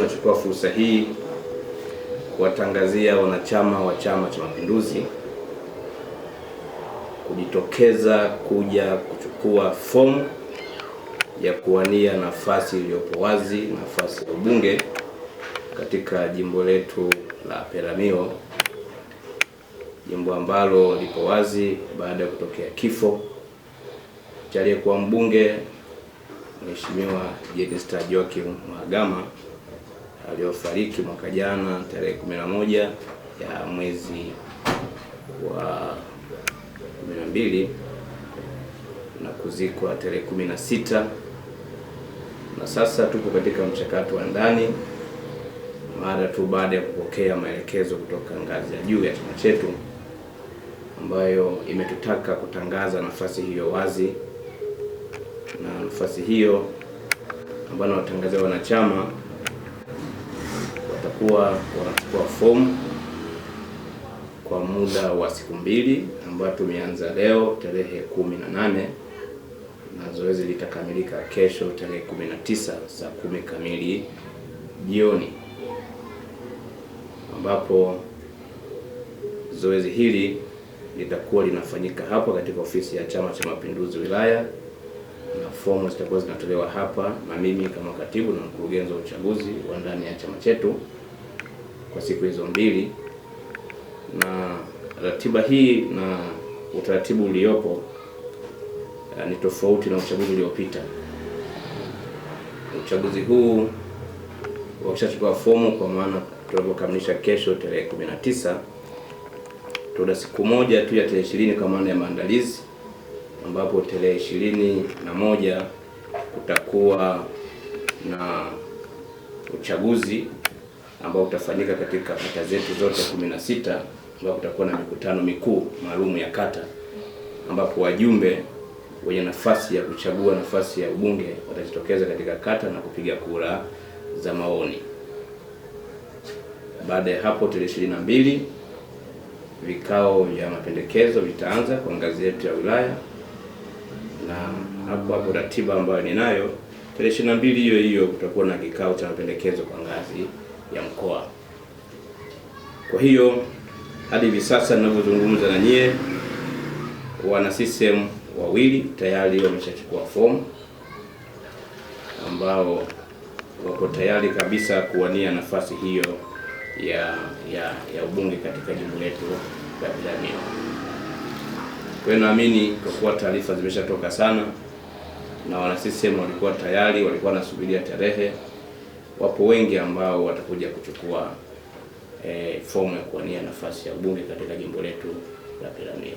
Tunachukua fursa hii kuwatangazia wanachama wa Chama cha Mapinduzi kujitokeza kuja kuchukua fomu ya kuwania nafasi iliyopo wazi, nafasi ya ubunge katika jimbo letu la Peramiho, jimbo ambalo lipo wazi baada ya kutokea kifo cha aliyekuwa mbunge Mheshimiwa Jenista Joachim Mhagama aliyofariki mwaka jana tarehe kumi na moja ya mwezi wa kumi na mbili na kuzikwa tarehe kumi na sita na sasa tuko katika mchakato wa ndani mara tu baada ya kupokea maelekezo kutoka ngazi ya juu ya chama chetu ambayo imetutaka kutangaza nafasi hiyo wazi, na nafasi hiyo ambayo nawatangazia wanachama watakuwa wanachukua fomu kwa muda wa siku mbili ambayo tumeanza leo tarehe kumi na nane na zoezi litakamilika kesho tarehe kumi na tisa saa kumi kamili jioni, ambapo zoezi hili litakuwa linafanyika hapa katika ofisi ya Chama cha Mapinduzi wilaya, na fomu zitakuwa zinatolewa hapa na mimi kama katibu na mkurugenzi wa uchaguzi wa ndani ya chama chetu kwa siku hizo mbili, na ratiba hii na utaratibu uliopo eh, ni tofauti na uchaguzi uliopita. Uchaguzi huu wakishachukua fomu, kwa maana tunapokamilisha kesho tarehe 19 tuna siku moja tu ya tarehe ishirini kwa maana ya maandalizi, ambapo tarehe ishirini na moja kutakuwa na uchaguzi ambao utafanyika katika kata zetu zote 16 ambao kutakuwa na mikutano mikuu maalum ya kata ambapo wajumbe wenye nafasi ya kuchagua nafasi ya ubunge watajitokeza katika kata na kupiga kura za maoni. Baada ya hapo, tarehe ishirini na mbili vikao vya mapendekezo vitaanza kwa ngazi yetu ya wilaya, na hapo hapo ratiba ambayo ninayo, tarehe ishirini na mbili hiyo hiyo kutakuwa na kikao cha mapendekezo kwa ngazi ya mkoa. Kwa hiyo hadi hivi sasa ninavyozungumza na nyie, wana CCM wawili tayari wameshachukua fomu ambao wako tayari kabisa kuwania nafasi hiyo ya ya, ya ubunge katika jimbo letu la Peramiho. Kwa hiyo naamini kwa kuwa taarifa zimeshatoka sana na wana CCM walikuwa tayari, walikuwa wanasubiria tarehe wapo wengi ambao watakuja kuchukua e, fomu ya kuwania nafasi ya ubunge katika jimbo letu la Peramiho.